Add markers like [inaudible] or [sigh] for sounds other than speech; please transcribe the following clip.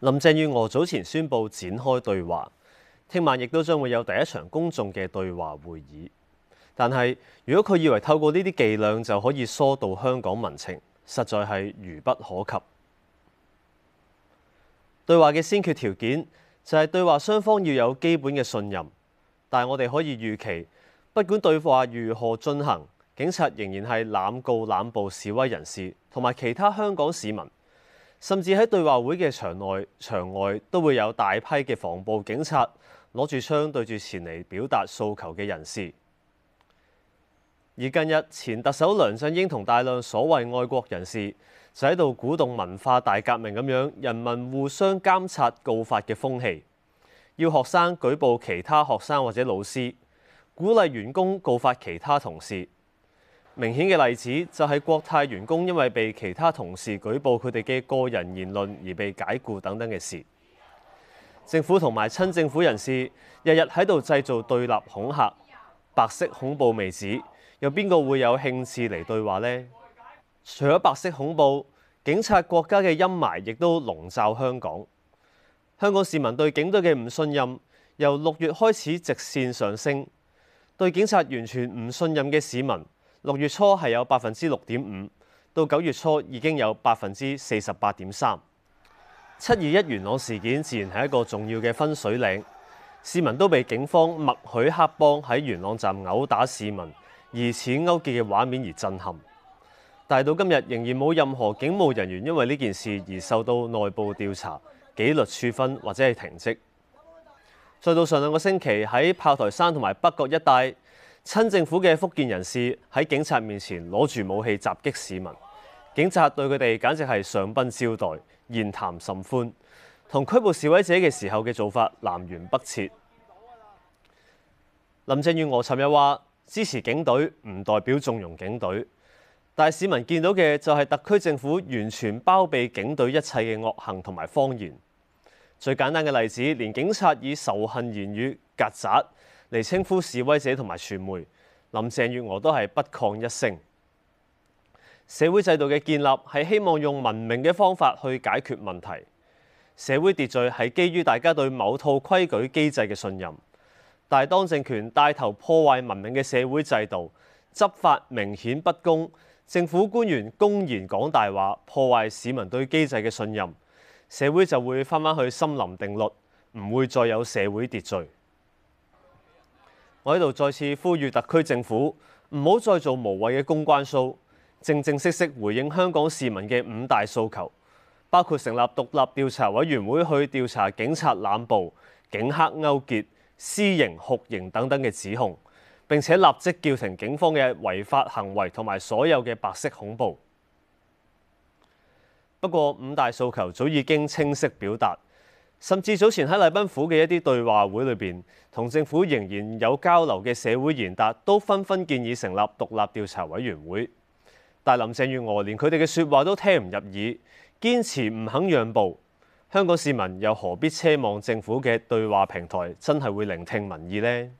林鄭月娥早前宣布展開對話，聽晚亦都將會有第一場公眾嘅對話會議。但係，如果佢以為透過呢啲伎倆就可以疏導香港民情，實在係愚不可及。對話嘅先決條件就係、是、對話雙方要有基本嘅信任。但係，我哋可以預期，不管對話如何進行，警察仍然係濫告濫捕示威人士同埋其他香港市民。甚至喺對話會嘅場內、場外都會有大批嘅防暴警察攞住槍對住前嚟表達訴求嘅人士。而近日，前特首梁振英同大量所謂愛國人士就喺度鼓動文化大革命咁樣，人民互相監察告發嘅風氣，要學生舉報其他學生或者老師，鼓勵員工告發其他同事。明顯嘅例子就係國泰員工因為被其他同事舉報佢哋嘅個人言論而被解雇等等嘅事。政府同埋親政府人士日日喺度製造對立恐嚇，白色恐怖未止，有邊個會有興致嚟對話呢？除咗白色恐怖，警察國家嘅陰霾亦都籠罩香港。香港市民對警隊嘅唔信任由六月開始直線上升，對警察完全唔信任嘅市民。六月初係有百分之六點五，到九月初已經有百分之四十八點三。七二一元朗事件自然係一個重要嘅分水嶺，市民都被警方默許黑幫喺元朗站毆打市民，疑似勾結嘅畫面而震撼。但到今日仍然冇任何警務人員因為呢件事而受到內部調查、紀律處分或者係停職。再到上兩個星期喺炮台山同埋北角一帶。親政府嘅福建人士喺警察面前攞住武器襲擊市民，警察對佢哋簡直係上賓招待，言談甚歡，同拘捕示威者嘅時候嘅做法南轅北轍。 [noise] 林鄭月娥尋日話：支持警隊唔代表縱容警隊，但係市民見到嘅就係特區政府完全包庇警隊一切嘅惡行同埋謊言。最簡單嘅例子，連警察以仇恨言語曱甴嚟稱呼示威者同埋傳媒，林鄭月娥都係不吭一聲。社會制度嘅建立係希望用文明嘅方法去解決問題。社會秩序係基於大家對某套規矩機制嘅信任，但係當政權帶頭破壞文明嘅社會制度，執法明顯不公，政府官員公然講大話，破壞市民對機制嘅信任，社會就會翻返去森林定律，唔會再有社會秩序。我喺度再次呼籲特區政府唔好再做無謂嘅公關 show，正正式式回應香港市民嘅五大訴求，包括成立獨立調查委員會去調查警察濫捕、警黑勾結、私刑酷刑等等嘅指控，並且立即叫停警方嘅違法行為同埋所有嘅白色恐怖。不過五大訴求早已經清晰表達。甚至早前喺禮賓府嘅一啲對話會裏邊，同政府仍然有交流嘅社會賢達，都紛紛建議成立獨立調查委員會。但林鄭月娥連佢哋嘅説話都聽唔入耳，堅持唔肯讓步。香港市民又何必奢望政府嘅對話平台真係會聆聽民意呢？